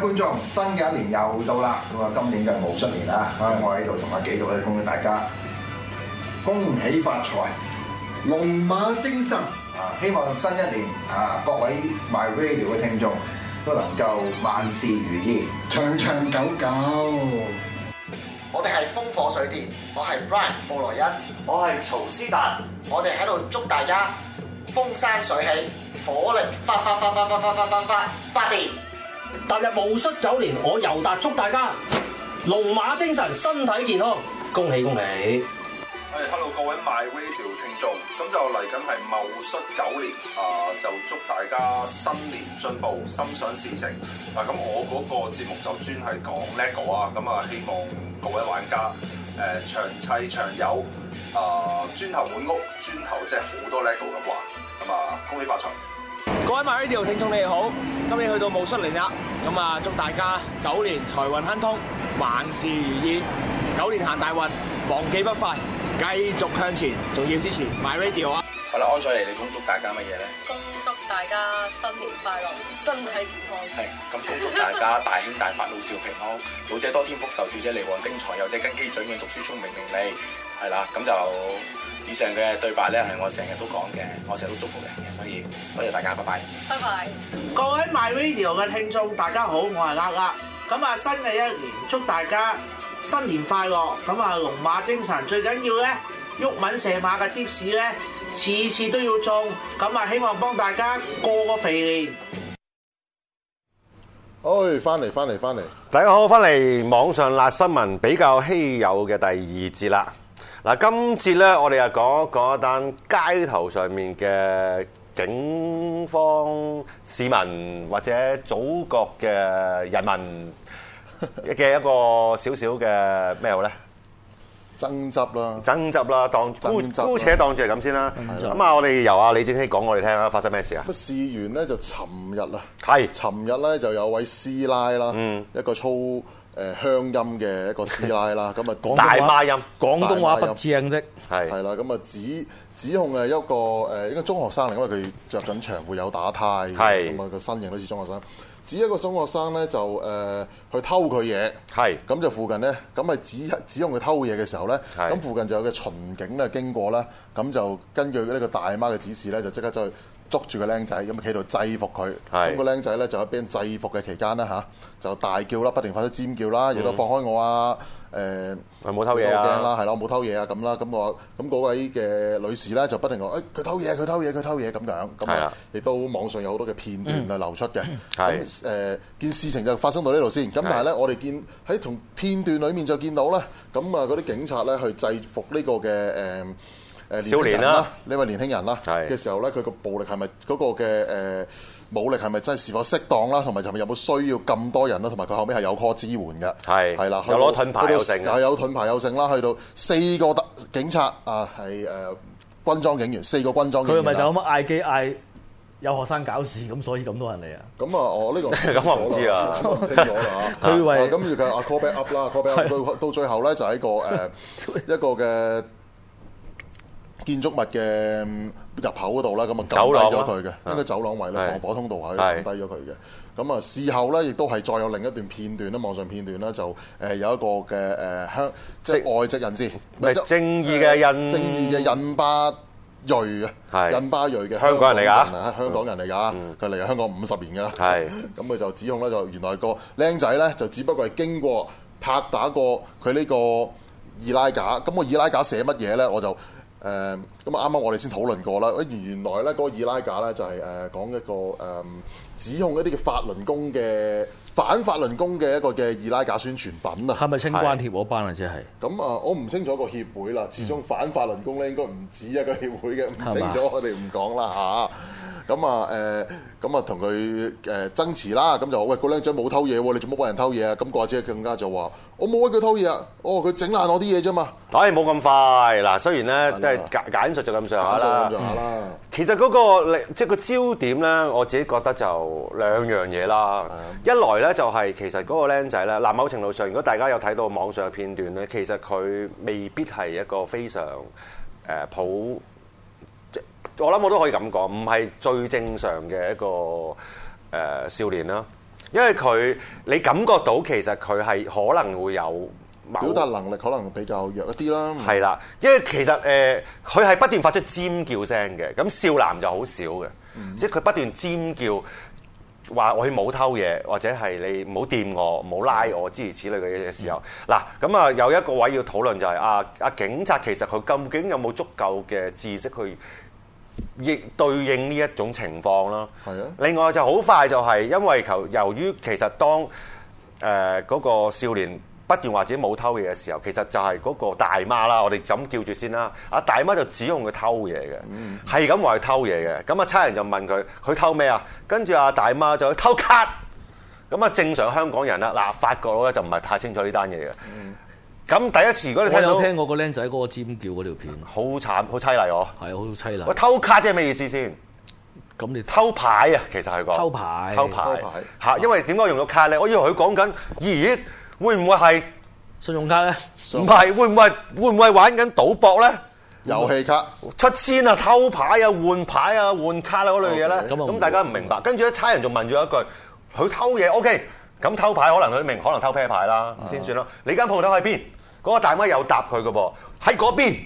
觀眾，新嘅一年又到啦，咁啊，今年就冇出年啦。我喺度同阿幾位去恭喜大家，恭喜發財，龍馬精神啊！希望新一年啊，各位 My Radio 嘅聽眾都能夠萬事如意，長長久久。我哋係風火水電，我係 Brian 布萊恩，我係曹思達，我哋喺度祝大家風生水起，火力發發發發發發發發發發電。踏入戊戌九年，我尤達祝大家龍馬精神，身體健康，恭喜恭喜！係，hello 各位 MyRadio 聽眾，咁就嚟緊係戊戌九年，啊，就祝大家新年進步，心想事成。嗱、啊，咁我嗰個節目就專係講 lego 啊，咁啊希望各位玩家誒長砌長有，啊磚頭滿屋，磚頭即係好多 lego 咁話，咁啊恭喜發財！各位 my radio 聽眾你好，今年去到戊戌嚟啦，咁啊祝大家狗年財運亨通，萬事如意，狗年行大運，忘記不快，繼續向前，仲要支持 my radio 啊！好啦，安彩嚟，你恭祝大家乜嘢咧？恭祝大家新年快樂，身體健康。係，咁恭祝大家大興大發，老少平安，老者多添福壽，少者嚟旺丁財，幼者根基準，嘅讀書聰明伶俐，係啦，咁就。以上嘅對白咧係我成日都講嘅，我成日都祝福嘅，所以多謝，謝大家，拜拜，拜拜！各位 MyRadio 嘅聽眾，大家好，我係 Addie。咁啊，新嘅一年祝大家新年快樂。咁啊，龍馬精神最緊要咧，鬱蚊射馬嘅貼士咧，次次都要中。咁啊，希望幫大家過個肥年。好，翻嚟翻嚟翻嚟！大家好，翻嚟網上辣新聞比較稀有嘅第二節啦。嗱，今次咧，我哋又講講一單街頭上面嘅警方、市民或者祖國嘅人民嘅一個少少嘅咩好咧？爭執啦，爭執啦，當姑姑且當住係咁先啦。咁啊，我哋由阿李政熙講我哋聽啦，發生咩事啊？事源咧就尋日啦，係尋日咧就有位師奶啦，一個粗。誒鄉音嘅一個師奶啦，咁啊廣東話大媽音，大媽音，廣東話不正的係係啦。咁啊指指控嘅一個誒一個中學生嚟，因為佢着緊長褲有打呔，咁啊個身形都似中學生。指一個中學生咧就誒、呃、去偷佢嘢，咁就附近咧咁啊指指控佢偷嘢嘅時候咧，咁附近就有個巡警咧經過啦，咁就根據呢個大媽嘅指示咧，就即刻走去，捉住個僆仔，咁企度制服佢。咁個僆仔咧就喺俾人制服嘅期間呢，吓，就大叫啦，不停發出尖叫啦，亦都放開我啊、嗯呃、冇偷嘢啊！誒，我冇偷嘢啊！係咯，冇偷嘢啊！咁啦，咁我咁位嘅女士咧就不停講：誒、欸，佢偷嘢，佢偷嘢，佢偷嘢！咁樣咁啊，亦都網上有好多嘅片段啊流出嘅。係、嗯、誒，件事情就發生到呢度先。咁但係咧，我哋見喺同片段裡面就見到啦，咁啊嗰啲警察咧去制服呢個嘅誒。呃誒少年啦，呢位年輕人啦嘅時候咧，佢個暴力係咪嗰個嘅誒、呃、武力係咪真係是否適當啦？同埋係咪有冇需要咁多人啦，同埋佢後尾係有 call 支援嘅，係係啦，有攞盾牌有剩，係、啊、有盾牌有剩啦，去到四個警察啊，係誒、呃、軍裝警員，四個軍裝警員。佢咪就咁嗌機嗌有學生搞事，咁所以咁多人嚟啊？咁啊，我呢個咁啊，唔知啊。佢咁而佢阿 call back up 啦 call back up 到到最後咧，就係、一個一個嘅。 建築物嘅入口嗰度啦，咁啊降低咗佢嘅，喺個走廊位咧、嗯，防火通道啊降低咗佢嘅。咁啊，事後咧亦都係再有另一段片段咧，網上片段咧就誒、呃、有一個嘅誒香即外籍人士，咪正義嘅人，正義嘅、呃、印，印巴裔嘅，係印巴裔嘅香港人嚟㗎，香港人嚟㗎、啊，佢、嗯、嚟香港五十年㗎啦，係咁佢就指控咧就原來個僆仔咧就只不過係經過拍打過個佢呢個易拉架，咁、那個易拉架寫乜嘢咧，我就。誒咁啊！啱啱我哋先討論過啦，誒原原來咧個個以拉架咧就係誒講一個誒、呃、指控一啲嘅法輪功嘅。反法輪功嘅一個嘅二拉架宣傳品啊，係咪青關協嗰班啊？即係咁啊，我唔清楚個協會啦。始終反法輪功咧，應該唔止一個協會嘅，唔清楚我哋唔講啦吓，咁啊誒，咁啊同佢誒爭持啦。咁就喂，嗰靚仔冇偷嘢喎，你做乜幫人偷嘢啊？咁或者更加就話我冇畀佢偷嘢啊？哦，佢整爛我啲嘢啫嘛。哎，冇咁快嗱，雖然咧都係簡簡述就咁上下啦。其實嗰、嗰個即係個焦點咧，我自己覺得就兩樣嘢啦。一來咧就係、是、其實嗰個僆仔咧嗱，某程度上如果大家有睇到網上嘅片段咧，其實佢未必係一個非常、呃、普，即我諗我都可以咁講，唔係最正常嘅一個、呃、少年啦，因為佢你感覺到其實佢係可能會有。表達能力可能比較弱一啲啦，係啦，因為其實誒佢係不斷發出尖叫聲嘅，咁少男就好少嘅，嗯、即係佢不斷尖叫話我冇偷嘢，或者係你冇掂我、冇拉我、嗯、之類此類嘅嘢嘅時候，嗱、嗯、咁啊那有一個位要討論就係、是、啊警察其實佢究竟有冇足夠嘅知識去應對應呢一種情況啦？另外就好快就係因為由由於其實當誒嗰、呃那個少年。不斷話自己冇偷嘢嘅時候，其實就係嗰個大媽啦，我哋咁叫住先啦。阿大媽就指控佢偷嘢嘅，係咁話佢偷嘢嘅。咁啊，差人就問佢：佢偷咩啊？跟住阿大媽就去偷卡。咁啊，正常香港人啦，嗱，法國佬咧就唔係太清楚呢單嘢嘅。咁第一次如果你聽到，我有聽過個僆仔嗰個尖叫嗰條片，好慘，好淒厲哦，係好淒厲。偷卡即係咩意思先？咁你偷牌啊？其實係個偷牌，偷牌嚇。因為點解用咗卡咧、啊？我以為佢講緊咦？會唔會係信用卡咧？唔係，會唔會會唔會玩緊賭博咧？遊戲卡出千啊，7000, 偷牌啊，換牌啊，換卡啊嗰類嘢咧。咁、okay. 大家唔明白。跟住咧，差人仲問咗一句：佢偷嘢 OK，咁偷牌可能佢明，可能偷啤牌啦，先算咯。Uh -huh. 你間鋪頭喺、那個、邊？嗰個大媽有答佢嘅噃，喺嗰邊。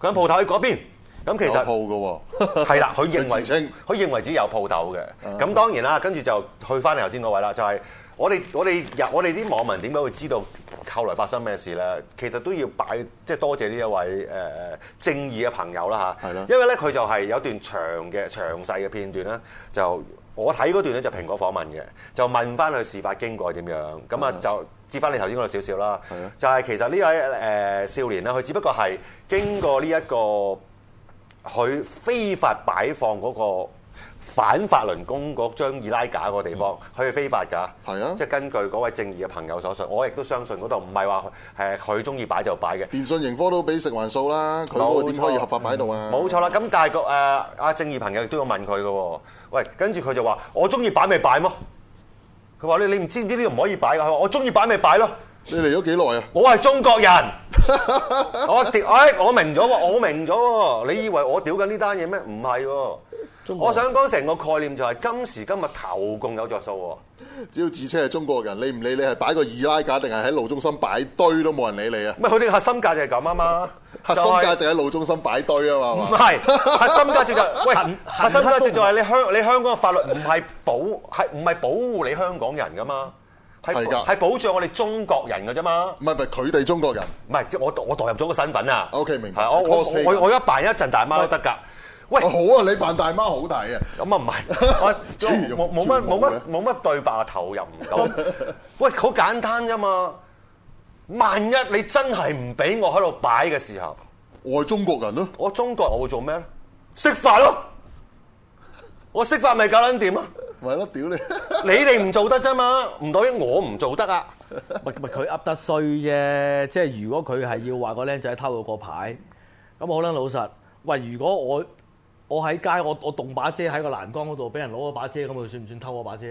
佢間鋪頭喺嗰邊。咁其實有鋪嘅喎。係 啦，佢認為自清，佢認為自己有鋪頭嘅。咁、uh -huh. 當然啦，跟住就去翻頭先嗰位啦，就係、是。我哋我哋入我哋啲網民點解會知道後來發生咩事咧？其實都要擺，即係多謝呢一位誒、呃、正義嘅朋友啦嚇。係咯。因為咧佢就係有一段長嘅詳細嘅片段啦。就我睇嗰段咧就蘋果訪問嘅，就問翻佢事發經過點樣。咁啊就接翻你頭先嗰度少少啦。係咯。就係其實呢位誒、呃、少年啦，佢只不過係經過呢、這、一個佢非法擺放嗰、那個。反法輪功嗰張易拉架嗰個地方，佢、嗯、係非法噶、啊，即係根據嗰位正義嘅朋友所信，我亦都相信嗰度唔係話係佢中意擺就擺嘅。電信盈科都俾食環數啦，佢嗰點可以合法擺喺度啊？冇錯啦，咁但係個誒阿正義朋友亦都有問佢嘅，喂，跟住佢就話我中意擺咪擺喎？佢話你你唔知呢啲唔可以擺噶，我中意擺咪擺咯。你嚟咗幾耐啊？我係中國人， 我，哎，我明咗喎，我明咗，你以為我屌緊呢單嘢咩？唔係。我想講成個概念就係今時今日投共有着數喎，啊。只要自稱係中國人，你唔理你係擺個二奶架定係喺路中心擺堆都冇人理你啊！唔係佢哋核心價值係咁啊嘛， 核心價值喺路中心擺堆啊嘛。唔係 核心價值就係，喂，核心價值就係你香你香港嘅法律唔係保係唔係保護你香港人噶嘛？係㗎，係係保障我哋中國人㗎啫嘛。唔係唔佢哋中國人，唔係即我我，我代入咗個身份啊。O、okay, K，明白我我我，我，我一扮一陣大媽都得㗎。 喂、啊，好啊，你扮大媽好大啊，咁啊唔係， 我冇冇乜冇乜冇乜對白投入唔夠。 喂，好簡單啫嘛。萬一你真係唔俾我喺度擺嘅時候，我係中國人咯、啊。我中國人，我會做咩咧？釋法咯。我釋法咪搞撚掂啊？咪咯，屌你！你哋唔做得啫嘛，唔代表我唔做得啊。咪咪佢呃得衰啫，即係如果佢係要話個靚仔偷到個牌，咁好啦，老實。喂，如果我我喺街，我街我棟把遮喺個欄杆嗰度，俾人攞咗把遮，咁佢算唔算偷我把遮？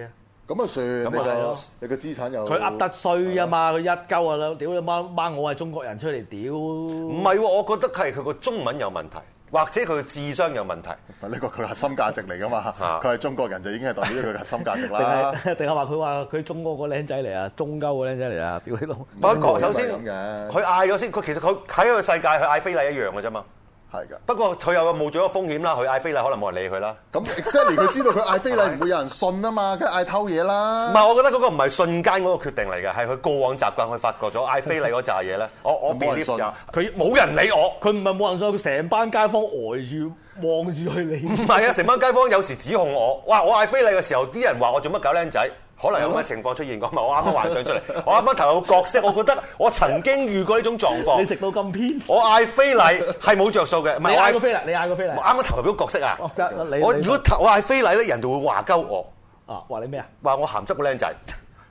咁啊算，你就有你個資產又。佢呃得衰啊嘛，佢一鳩啊啦，屌你媽媽，我係中國人出嚟，屌！唔係喎，我覺得佢係佢個中文有問題，或者佢個智商有問題。呢個佢核心價值嚟噶嘛，佢係中國人就已經係代表佢核心價值啦 。定係定係話佢話佢中國個靚仔嚟啊，中鳩個靚仔嚟啊，屌你老！我講首先，佢嗌咗先，佢其實佢喺個世界，佢嗌非禮一樣嘅啫嘛。係噶，不過佢又冒咗個風險啦。佢嗌非禮啦，可能冇人理佢啦。咁 exactly 佢知道佢嗌非禮啦，唔會有人信啊嘛。跟住嗌偷嘢啦。唔係，我覺得嗰個唔係瞬間嗰個決定嚟嘅，係佢過往習慣。佢發覺咗嗌非禮嗰扎嘢咧，我我變啲佢冇人理我，佢唔係冇人信，佢成班街坊呆住望住佢理。唔係啊，成班街坊有時指控我，哇！我嗌非禮嘅時候，啲人話我做乜搞僆仔。可能有咁嘅情況出現過，咁咪我啱啱幻想出嚟，我啱啱投入個角色，我覺得我曾經遇過呢種狀況。你食到咁偏？我嗌非禮係冇着數嘅，唔係我嗌過非禮，啱啱你嗌過非禮？啱啱投入嗰個角色啊！我如果我嗌非禮咧，人哋會話鳩我啊，話你咩啊？話我鹹濕個靚仔，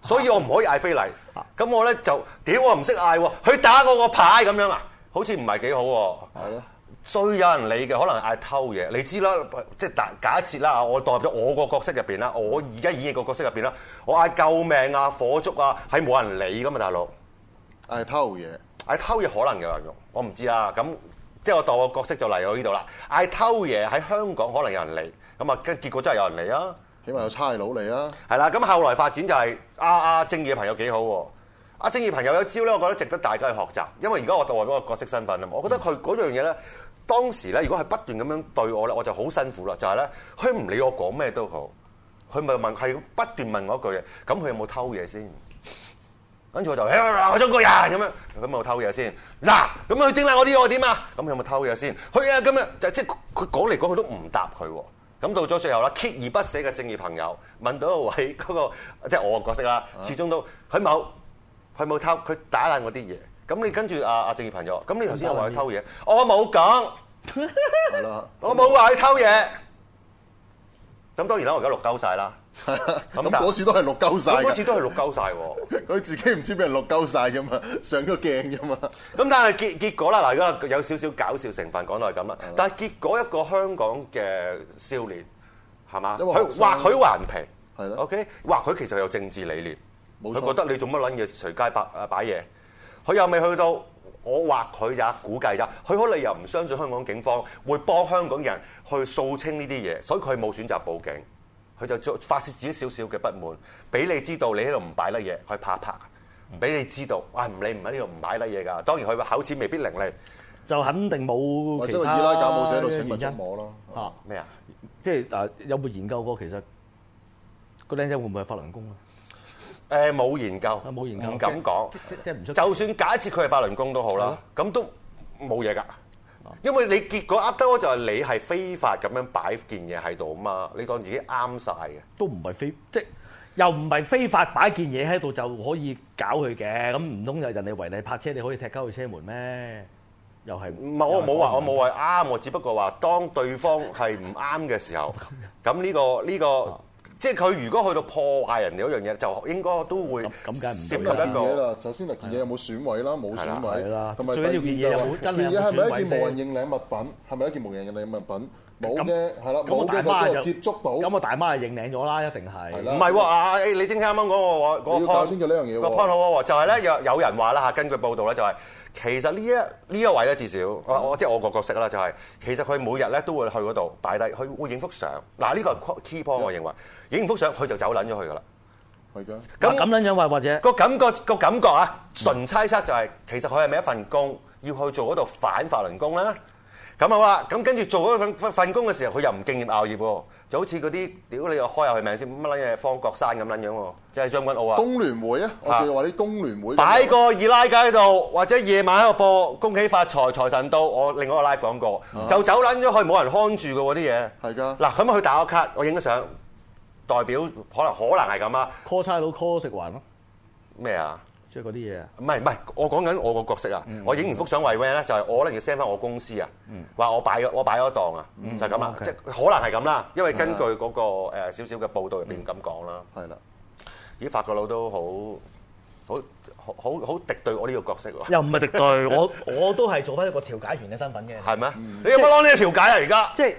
所以我唔可以嗌非禮。咁、啊、我咧就屌我唔識嗌，佢打我個牌咁樣啊，好似唔係幾好喎。雖有人理嘅，可能嗌偷嘢，你知啦，即係假設啦，我代入咗我個角色入邊啦，我而家演嘅個角色入邊啦，我嗌救命啊，火燭啊，係冇人理㗎嘛，大佬。嗌偷嘢，嗌偷嘢可能有人用，我唔知啦。咁即係我當個角色就嚟到呢度啦。嗌偷嘢喺香港可能有人嚟，咁啊，結結果真係有人嚟啊，起碼有差佬嚟啊。係啦，咁後來發展就係，啊啊，正義嘅朋友幾好喎。啊，正義朋友有一招咧，我覺得值得大家去學習，因為而家我代入咗個角色身份啊嘛，我覺得佢嗰樣嘢咧。嗯呢當時咧，如果係不斷咁樣對我咧，我就好辛苦啦。就係咧，佢唔理我講咩都好，佢咪問，係不斷問我一句嘅，咁佢有冇偷嘢先？跟住我就說，我中國人咁、啊啊、樣，佢有冇偷嘢先？嗱，咁佢整爛我啲嘢點啊？咁佢有冇偷嘢先？去、就、啊、是！咁樣就即係佢講嚟講去都唔答佢喎。咁到咗最後啦，鍥而不捨嘅正義朋友問到位嗰、那個，即、就、係、是、我嘅角色啦，始終都佢冇，佢冇偷，佢打爛我啲嘢。咁你跟住阿阿正義朋友，咁你頭先又話佢偷嘢、嗯，我冇講，係 咯， 我冇話佢偷嘢。咁當然啦，我而家錄鳩晒啦。咁嗰次都係錄鳩晒。嗰次都係錄鳩曬。佢 自己唔知俾人錄鳩晒啫嘛，上咗鏡啫嘛。咁但係結結果啦，嗱，而家有少少搞笑成分，講到係咁啦。但係結果一個香港嘅少年係嘛，佢話佢頑皮，OK，話佢其實有政治理念，佢覺得你做乜撚嘢隨街擺擺嘢。佢又未去到，我話佢有估計啫。佢可能又唔相信香港警方會幫香港人去掃清呢啲嘢，所以佢冇選擇報警，佢就做發泄自己少少嘅不滿，俾你知道你喺度唔擺甩嘢，佢拍一拍，俾你知道啊，哎、唔理、唔喺呢度唔擺甩嘢噶。當然佢口齒未必伶俐，就肯定冇其他嘅原因咯。咩啊？啊啊即係有冇研究過其實個靚仔會唔會係法輪功啊？誒冇研究，唔敢講。就算假設佢係法輪功都好啦，咁都冇嘢㗎。因為你結果噏得我就係你係非法咁樣擺件嘢喺度啊嘛，你當自己啱晒嘅。都唔係非即係又唔係非法擺件嘢喺度就可以搞佢嘅。咁唔通有人哋違例泊車，你可以踢鳩佢車門咩？又係唔係？我冇話，我冇話啱。我只不過話，當對方係唔啱嘅時候，咁呢個呢個。即係佢如果去到破壞人哋嗰樣嘢，就應該都會涉及一個。首先，嗰、啊啊、件嘢有冇損毀啦？冇損毀啦。同埋第二件嘢有冇？件嘢係咪一件無人認領物品？係、啊、咪一件無人認領物品？啊是冇咁係啦，咁我大媽就接觸到，咁我大媽就認領咗啦，一定係。唔係喎，你聽啱啱講個我嗰、個 point 先呢樣嘢喎。個 point 好喎，就係咧，有有人話啦，根據報道咧就係、是、其實呢一呢、嗯、一位咧至少、嗯、我即係我個角色啦，就係、是、其實佢每日咧都會去嗰度大低，佢會影幅相。嗱，呢個係 key point 我認為，影幅相佢就走撚咗去噶啦。係嘅。咁咁撚樣或或者、個感覺、個感覺啊，純猜測就係、是嗯、其實佢係咪一份工要去做嗰度反法輪功咧？咁好啦，咁跟住做咗份份工嘅時候，佢又唔敬業熬業喎，就好似嗰啲屌你又開下佢名先，乜撚嘢方國山咁撚樣喎，即係將軍澳啊！工聯會呢啊，我仲要話啲工聯會擺個二拉街度，或者夜晚喺度播恭喜發財財神到，我另外一個拉房過，就走撚咗去冇人看住嘅喎啲嘢。係㗎。嗱，咁佢打個卡，我影個相，代表可能可能係咁啊。call 差佬 call 食環咯。咩啊？即係嗰啲嘢啊！唔係唔係，我講緊我個角色啊、嗯嗯！我影唔幅相為咩咧？就係、是、我可能要 send 翻我公司啊，話、嗯、我擺我擺咗檔啊、嗯，就係咁啊！即係可能係咁啦，因為根據嗰個少少嘅報道入邊咁講啦。係、嗯、啦，咦？法國佬都好好好好敵對我呢個角色又唔係敵對 我，我都係做翻一個調解員嘅身份嘅。係咩、嗯？你有冇攞呢個調解啊？而家即係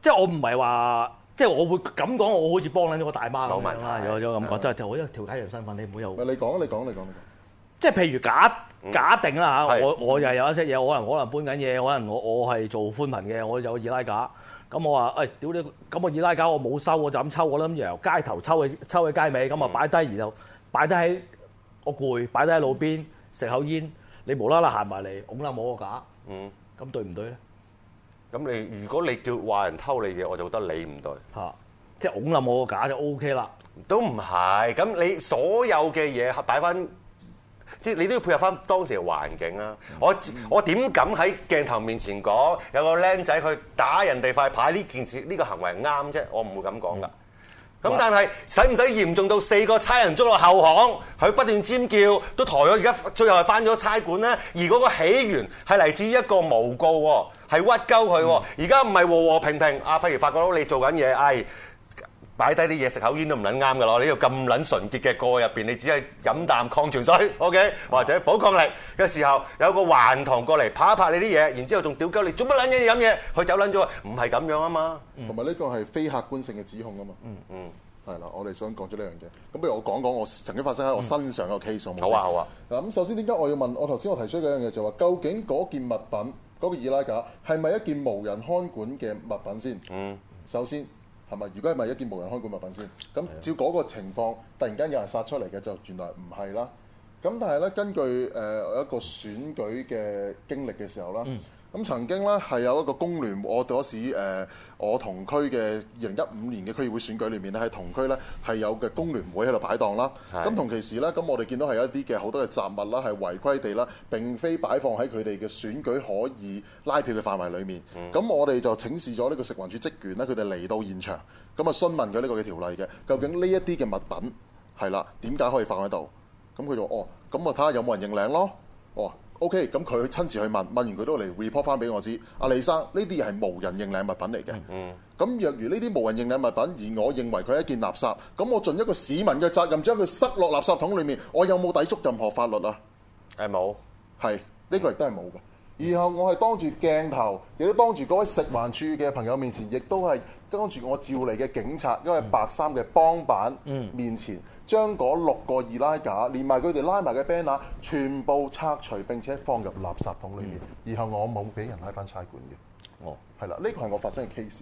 即係我唔係話。即係我會咁講，我好似幫緊咗個大媽咁啦，有有咁講，即係我一個調解人身份，你唔好有。你係你講，你講，你講。即係譬如假假定啦、嗯、我我又有一些嘢，我可能可能搬緊嘢，可能我我係做寬頻嘅，我有二拉架。咁我話誒，屌、哎、你，咁我二拉架我冇收，我就咁抽，我諗由街頭抽去抽去街尾，咁啊擺低，然後擺低喺我攰，擺低喺路邊食口煙，你無啦啦行埋嚟，我啦摸個架，嗯，咁對唔對咧？咁你如果你叫話人偷你嘢，我就覺得你唔對。嚇，即係㧬冧我個假就 O K 啦。都唔係，咁你所有嘅嘢擺翻，即係你都要配合翻當時嘅環境啊。我我點敢喺鏡頭面前講有個僆仔去打人哋塊牌呢件事呢、呢個行為係啱啫？我唔會咁講㗎。咁但係使唔使嚴重到四個差人捉落後巷，佢不斷尖叫，都抬咗而家，最後係翻咗差館呢？而嗰個起源係嚟自一個誣告喎，係屈鳩佢，而家唔係和和平平，阿、啊、譬如發覺到你做緊嘢，哎。擺低啲嘢食口煙都唔撚啱㗎喇，我呢個咁撚純潔嘅個入邊，你只係飲啖礦泉水，OK？或者補抗力嘅時候有個環堂過嚟拍一拍你啲嘢，然之後仲屌鳩你，做乜撚嘢飲嘢？佢走撚咗，唔係咁樣啊嘛。同埋呢個係非客觀性嘅指控啊嘛。嗯嗯，係啦，我哋想講咗呢樣嘢。咁不如我講講我曾經發生喺我身上嘅 case。好啊好啊。嗱咁首先點解我要問我頭先我提出嘅一樣嘢就話，究竟嗰件物品嗰個易拉架係咪一件無人看管嘅物品先？嗯，首先。係咪？如果係咪一件無人看管物品先？咁照嗰個情況，突然間有人殺出嚟嘅就原來唔係啦。咁但係咧，根據誒、呃、一個選舉嘅經歷嘅時候啦。嗯咁曾經咧係有一個工聯，我嗰時誒、呃，我同區嘅二零一五年嘅區議會選舉裏面咧，喺同區咧係有嘅工聯會喺度擺檔啦。咁同其時咧，咁我哋見到係有一啲嘅好多嘅雜物啦，係違規地啦，並非擺放喺佢哋嘅選舉可以拉票嘅範圍裏面。咁、嗯、我哋就請示咗呢個食環署職員咧，佢哋嚟到現場，咁啊詢問咗呢個嘅條例嘅，究竟呢一啲嘅物品係啦，點解可以放喺度？咁佢就哦，咁啊睇下有冇人認領咯。哦。O K，咁佢親自去問，問完佢都嚟 report 翻俾我知。阿李生，呢啲係無人認領物品嚟嘅。嗯，咁若如呢啲無人認領物品，而我認為佢係一件垃圾，咁我盡一個市民嘅責任，將佢塞落垃圾桶裏面，我有冇抵觸任何法律啊？係冇，係呢、呢個亦都係冇嘅。然後我係當住鏡頭，亦都當住嗰位食環署嘅朋友面前，亦都係。跟住我召嚟嘅警察，因為白衫嘅幫辦面前，將、嗯、嗰六個二拉架，連埋佢哋拉埋嘅 banner，全部拆除並且放入垃圾桶裏面，然、嗯、後我冇俾人拉翻差館嘅。哦，係啦，呢個係我發生嘅 case。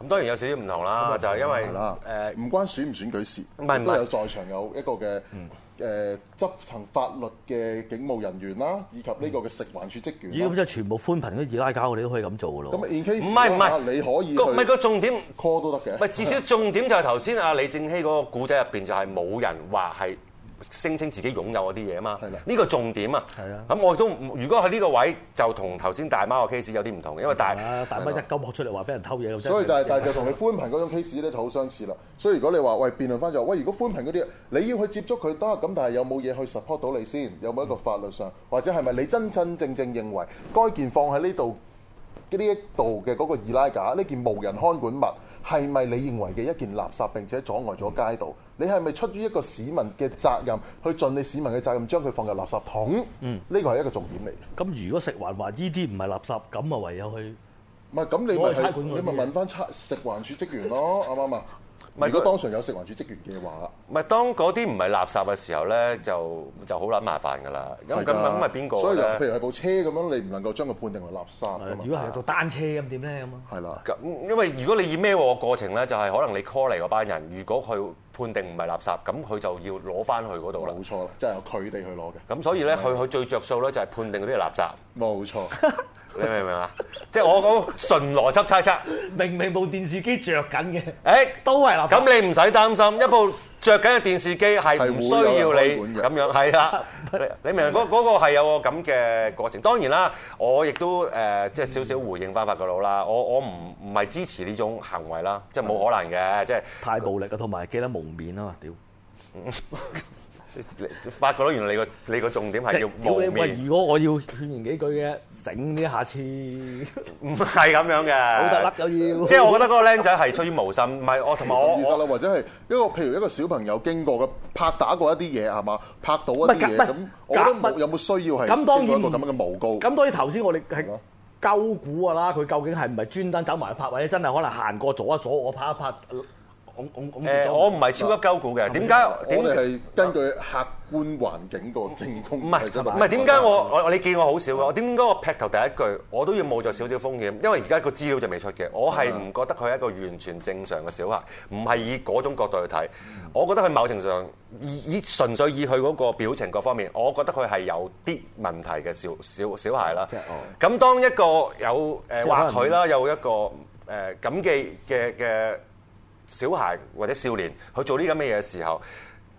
咁當然有少少唔同啦，就係、是、因為誒唔、呃、關選唔選舉事，都有在場有一個嘅。嗯誒執行法律嘅警務人員啦，以及呢個嘅食環署職員，依家即係全部寬頻嗰啲二拉交，我哋都可以咁做噶咯。咁唔係唔係，你可以唔係、個重點 call 都得嘅。唔係至少重點就係頭先阿李政熙嗰個古仔入邊，就係冇人話係。聲稱自己擁有嗰啲嘢啊嘛，呢、呢個重點啊，咁、嗯、我亦都如果喺呢個位就跟剛才大媽的有點不同，頭先大媽個 case 有啲唔同嘅，因為大大媽一鑊出嚟話俾人偷嘢，就是，所以就係就同你寬頻嗰種 case 咧就好相似啦。所以如果你話喂辯論翻就喂，如果寬頻嗰啲你要去接觸佢得咁，但係有冇嘢去 support 到你先？有冇一個法律上或者係咪你真真正正認為該件放喺呢度呢一度嘅嗰個二拉架呢件無人看管物？係咪你認為嘅一件垃圾，並且阻礙咗街道？你係咪出於一個市民嘅責任，去盡你市民嘅責任，將佢放入垃圾桶？嗯，呢個係一個重點嚟嘅。咁、嗯、如果食環話呢啲唔係垃圾，咁啊唯有去唔係咁，你咪你咪問翻餐食環處職員咯，啱唔啱啊？ 唔如果當場有食環署職員嘅話，唔係當嗰啲唔係垃圾嘅時候咧，就就好撚麻煩㗎啦。咁咁咁係邊個？所以譬如係部車咁樣，你唔能夠將佢判定為垃圾，如果係部單車咁點咧？咁係啦。咁因為如果你以咩喎過程咧，就係、是、可能你 call 嚟嗰班人，如果佢判定唔係垃圾，咁佢就要攞翻去嗰度啦。冇錯啦，即由佢哋去攞嘅。咁所以咧，佢佢最着數咧就係判定嗰啲係垃圾。冇錯。 你明唔明啊？即係我講純邏輯猜測，明明部電視機着緊嘅，誒，都係啦。咁你唔使擔心，一部着緊嘅電視機係唔需要你咁樣，係啦。你明唔明？嗰嗰個係有個咁嘅過程。當然啦，我亦都誒，即係少少回應翻法國佬啦。我我唔唔係支持呢種行為啦，即係冇可能嘅，即係太暴力啊，同埋記得蒙面啊嘛，屌！發覺到原來你個你個重點係要冇喂，如果我要勸言幾句嘅，醒啲下次。唔係咁樣嘅，好得甩又要。即係我覺得嗰個僆仔係出於無心，唔、呃、係我同埋我，意思係我或者係一個譬如一個小朋友經過嘅拍打過一啲嘢係嘛，拍到一啲嘢咁。我有冇需要係？咁當然一個咁嘅誣告。咁當然頭先我哋係鳩估㗎啦，佢究竟係唔係專登走埋去拍，或者真係可能行過左一左我拍一拍。誒，我唔係、呃、超級鳩估嘅，點解？我係根據客觀環境個正空？唔係唔係，點解我我，我你見我好少嘅？點解我劈頭第一句，我都要冒咗少少風險，因為而家個資料就未出嘅。我係唔覺得佢係一個完全正常嘅小孩，唔係以嗰種角度去睇。我覺得佢某程度上以純粹以佢嗰個表情各方面，我覺得佢係有啲問題嘅小小小，小孩啦。咁、就是哦、當一個有誒話佢啦，呃、有一個誒緊記嘅嘅。呃小孩或者少年去做呢咁嘅嘢嘅時候，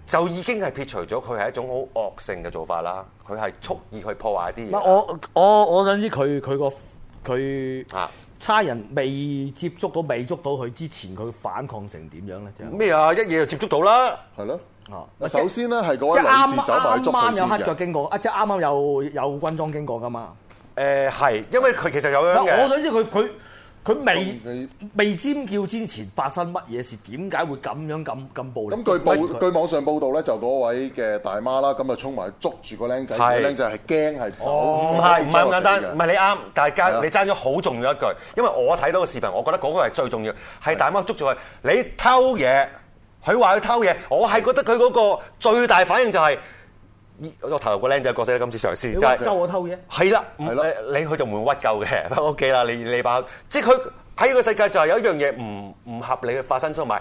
就已經係撇除咗佢係一種好惡性嘅做法啦。佢係蓄意去破壞啲嘢。我我我想知佢佢個佢差人未接觸到未捉到佢之前，佢反抗成點樣咧？咩啊？一嘢就接觸到啦，係咯。啊，首先咧係嗰位女士啱啱走埋捉佢先嘅。有黑腳經過，啊，即係啱啱有有軍裝經過噶嘛？誒、呃，係，因為佢其實有樣嘅。我想知佢佢。佢未未尖叫之前發生乜嘢事？點解會咁樣咁咁暴力？咁據報據網上報道咧，就嗰位嘅大媽啦，咁啊衝埋去捉住個僆仔，係，個僆仔係驚係走。哦，唔係唔係咁簡單，唔係你啱，但係爭你爭咗好重要一句，因為我睇到個視頻，我覺得嗰個係最重要，係大媽捉住佢，你偷嘢，佢話佢偷嘢，我係覺得佢嗰個最大反應就係。我投入個靚仔角色今次嘗試，你就係、是，捉我偷嘢，係啦，你佢就唔會屈鳩嘅？返屋企啦，你你，你把即係佢喺呢個世界就係有一樣嘢唔唔合理嘅發生，同埋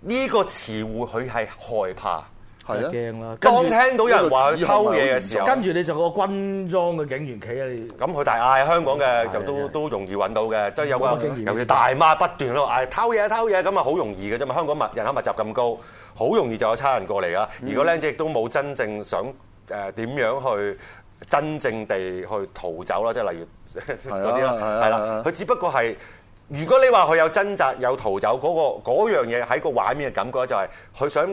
呢個詞彙佢係害怕。係啦，驚啦！當聽到有人話偷嘢嘅時候，跟住你就個軍裝嘅警員企喺度咁佢大嗌，香港嘅就都都容易搵到嘅，即係有個警員。尤其大媽不斷咯，嗌偷嘢、啊、偷嘢，咁啊好、啊啊、容易嘅啫嘛。香港密人口密集咁高，好容易就有差人過嚟啦。如果靚仔亦都冇真正想誒點樣去真正地去逃走啦，即係例如嗰啲啦，係啦。佢只不過係，如果你話佢有掙扎有逃走嗰個嗰樣嘢，喺個畫面嘅感覺就係佢想。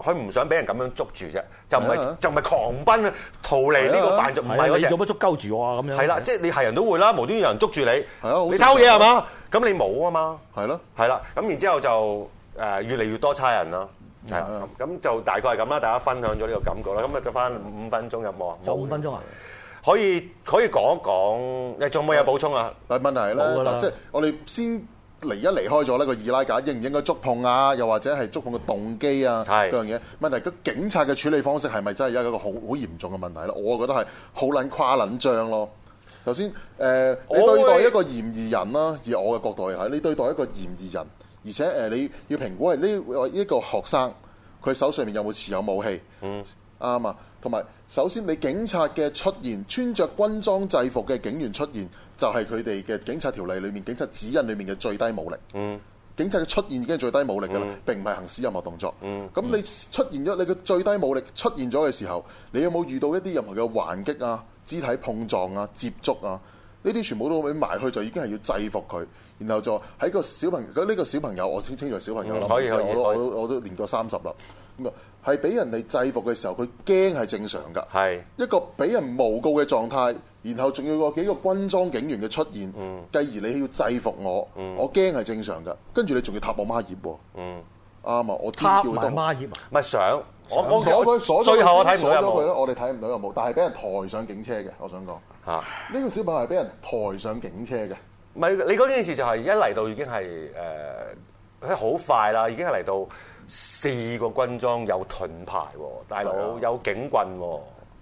佢唔想俾人咁樣捉住啫，就唔係、啊、就唔係狂奔啊，逃離呢、啊這個犯罪，唔係嗰隻。你做乜捉鳩住我啊？咁樣係啦，即係、啊就係、你係人都會啦，無端端有人捉住你。係啊，你偷嘢係嘛？咁、啊、你冇啊嘛？係咯、啊，係啦、啊。咁然之後就誒越嚟越多差人啦。係啊，咁、啊啊、就大概係咁啦。大家分享咗呢個感覺啦。咁啊，就翻五分鐘入幕。仲、嗯、五分鐘啊？可以可以講一講你仲冇嘢補充係啊？但係問題係咧，即係我哋先。離一離開咗呢、那個二拉架應唔應該觸碰啊？又或者係觸碰嘅動機啊？嗰樣嘢問題，個警察嘅處理方式係咪真係一個好好嚴重嘅問題咧？我覺得係好撚跨撚張咯。首先、呃，你對待一個嫌疑人啦，oh, yeah. 以我嘅角度嚟睇你對待一個嫌疑人，而且、呃、你要評估係呢一個學生佢手上面有冇持有武器？嗯、mm.，啱啊。同埋，首先你警察嘅出現，穿着軍裝制服嘅警員出現，就係佢哋嘅警察條例裏面警察指引裏面嘅最低武力。嗯，警察嘅出現已經係最低武力㗎喇、嗯，並唔係行使任何動作。嗯，咁你出現咗，你嘅最低武力出現咗嘅時候，你有冇遇到一啲任何嘅還擊啊、肢體碰撞啊、接觸啊？呢啲全部都會埋去，就已經係要制服佢，然後就喺個小朋友，呢、呢個小朋友，我稱為小朋友啦、嗯。可以，所以我可以可以我都年過三十啦。咁啊。係俾人哋制服嘅時候，佢驚係正常噶。係一個俾人誣告嘅狀態，然後仲要個幾個軍裝警員嘅出現，嗯、繼而你要制服我，嗯、我驚係正常噶。跟住你仲要踏我孖葉，啱、嗯、啊！我知叫踏我孖葉啊！唔係上。我我我我最後睇唔到去我哋睇唔到有冇，但係俾人抬上警車嘅，我想講。嚇！呢個小朋友係俾人抬上警車嘅。唔係你講件事就係而家嚟到已經係誒，好、呃、快啦，已經係嚟到。四個軍裝有盾牌，大佬，啊、有警棍，啊、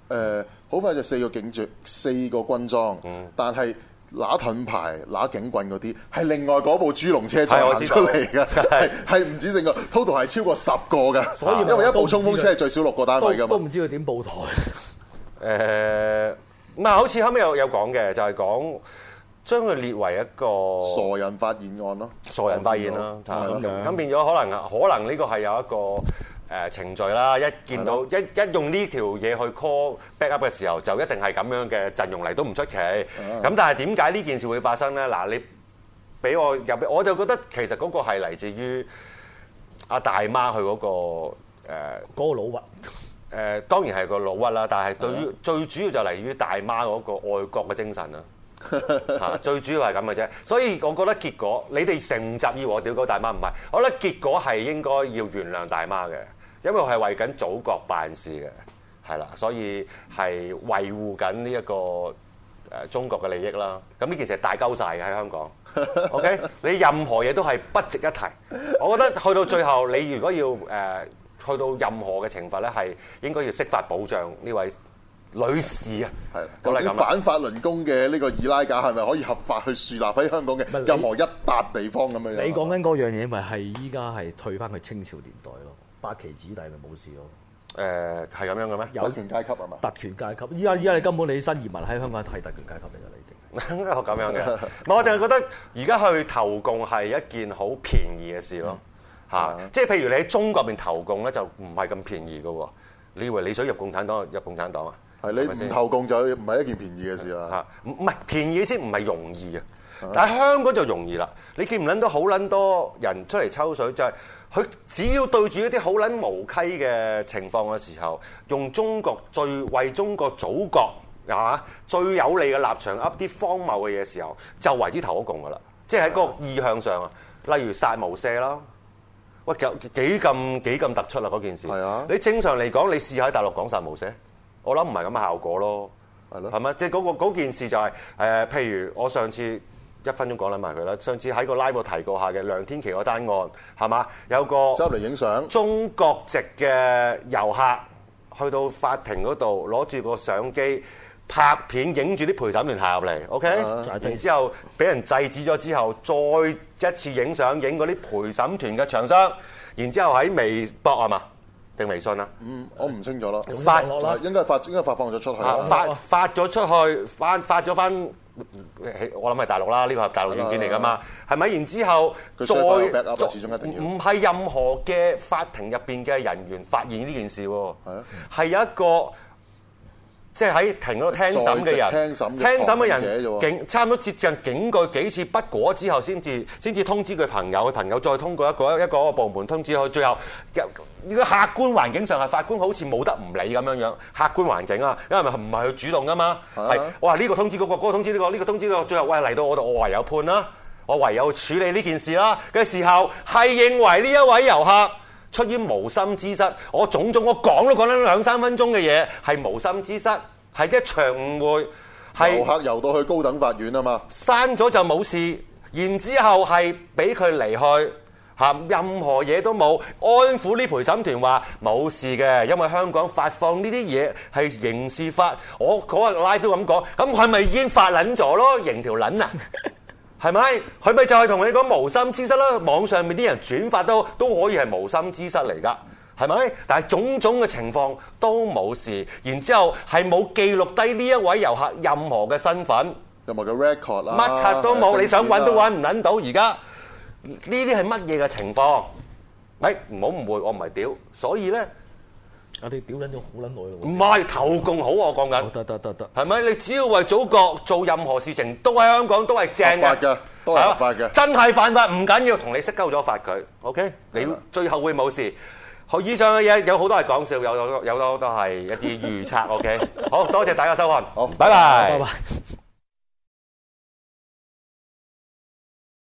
呃，誒，好快就四個警長，四個軍裝、嗯，但係拿盾牌，拿警棍嗰啲係另外嗰部豬籠車載出嚟嘅。係，係唔止剩個，total 係超過十個嘅，因為一部衝鋒車係最少六個單位噶嘛，都唔知佢點報台，誒、 呃，唔係，好似後尾有有講嘅，就係、是、講。將佢列為一個傻人發現案咯，傻人發現咯，咁變咗可能可能呢個係有一個誒、呃、程序啦，一見到一一用呢條嘢去 call back up 嘅時候，就一定係咁樣嘅陣容嚟都唔出奇。咁但係點解呢件事會發生咧？嗱，你俾我入邊，我就覺得其實嗰個係嚟自於阿大媽去嗰、嗰個誒嗰、呃嗰個老屈誒，當然係個老屈啦。但係對於對最主要就嚟於大媽嗰個愛國嘅精神啊。嚇， 最主要係咁嘅啫，所以我覺得結果你哋成集要我屌嗰大媽唔係，我覺得結果係應該要原諒大媽嘅，因為我係為緊祖國辦事嘅，係啦，所以係維護緊呢一個誒、呃、中國嘅利益啦。咁呢件事係大鳩晒嘅喺香港。 OK，你任何嘢都係不值一提。我覺得去到最後，你如果要誒、呃、去到任何嘅懲罰咧，係應該要釋法保障呢位。女士啊，係，究竟反法輪功嘅呢個二拉架係咪可以合法去樹立喺香港嘅任何一笪地方咁樣？你講緊嗰樣嘢，咪係依家係退翻去清朝年代咯？八旗子弟咪冇事咯？誒、呃，係咁樣嘅咩？有權階級啊嘛？特權階級，依家依家你根本你新移民喺香港都係特權階級嚟㗎，你已經。咁 樣嘅， 我淨係覺得而家去投共係一件好便宜嘅事咯。嚇、嗯啊，即係譬如你喺中國邊投共咧，就唔係咁便宜嘅喎。你以為你想入共產黨入共產黨啊？係你唔投共就唔係一件便宜嘅事啦。吓，唔係便宜先唔係容易啊！但係香港就容易啦。你見唔撚到好撚多人出嚟抽水，就係、是、佢只要對住一啲好撚無稽嘅情況嘅時候，用中國最為中國祖國係嘛，最有利嘅立場噏啲荒謬嘅嘢時候，就為之投共噶啦。即係喺嗰個意向上啊，例如殺無赦咯。喂，幾咁幾咁突出啦嗰件事啊。你正常嚟講，你試下喺大陸講殺無赦。我諗唔係咁嘅效果咯，係咪？即係嗰件事就係、是、誒、呃，譬如我上次一分鐘講諗埋佢啦。上次喺個 live 提過一下嘅梁天琦嗰單案，係嘛？有個執嚟影相中國籍嘅遊客去到法庭嗰度，攞住個相機拍片，影住啲陪審團行入嚟，OK、啊。然之後俾人制止咗之後，再一次影相，影嗰啲陪審團嘅長相，然之後喺微博係嘛？是定微信啦，嗯，我唔清楚咯，發應該發應該發放咗出去啦，發咗出去，翻發咗翻，我諗係大陸啦，呢個係大陸軟件嚟㗎嘛，係咪？然之後再，唔係任何嘅法庭入邊嘅人員發現呢件事喎，係啊，係一個。即係喺庭嗰度聽審嘅人，聽審嘅人警，警差唔多接近警告幾次不果之後，先至先至通知佢朋友，佢朋友再通過一個一個部門通知佢，最後如果客觀環境上係法官好似冇得唔理咁樣樣。客觀環境啊，因為唔係佢主動噶嘛，係我話呢個通知嗰個，嗰個通知呢個，呢個通知嗰個，最後，喂嚟到我哋，我唯有判啦，我唯有處理呢件事啦嘅時候，係認為呢一位遊客。出於無心之失，我種種我講都講咗兩三分鐘嘅嘢，係無心之失，係一場誤會，遊客遊到去高等法院啊嘛，刪咗就冇事，然之後係俾佢離開，嚇任何嘢都冇，安撫呢陪審團話冇事嘅，因為香港發放呢啲嘢係刑事法，我嗰日拉都咁講，咁佢咪已經發撚咗咯，刑條撚啊！係咪？佢咪就係同你講無心之失啦。網上面啲人轉發都都可以係無心之失嚟噶，係咪？但係種種嘅情況都冇事。然之後係冇記錄低呢一位遊客任何嘅身份，任何嘅 record 啦？乜柒都冇，啊、你想揾都揾唔撚到現在。而家呢啲係乜嘢嘅情況？咪唔好誤會，我唔係屌。所以咧。我哋屌撚咗好撚耐咯喎！唔係投共好喎，我講緊得得得得，係咪？你只要為祖國做任何事情，都喺香港都係正嘅，犯法嘅，犯法嘅，真係犯法唔緊要，同你釋鳩咗法佢。OK，你最後會冇事。以上嘅嘢有好多係講笑，有有好多係一啲預測。OK，好多謝大家收看，好，拜拜。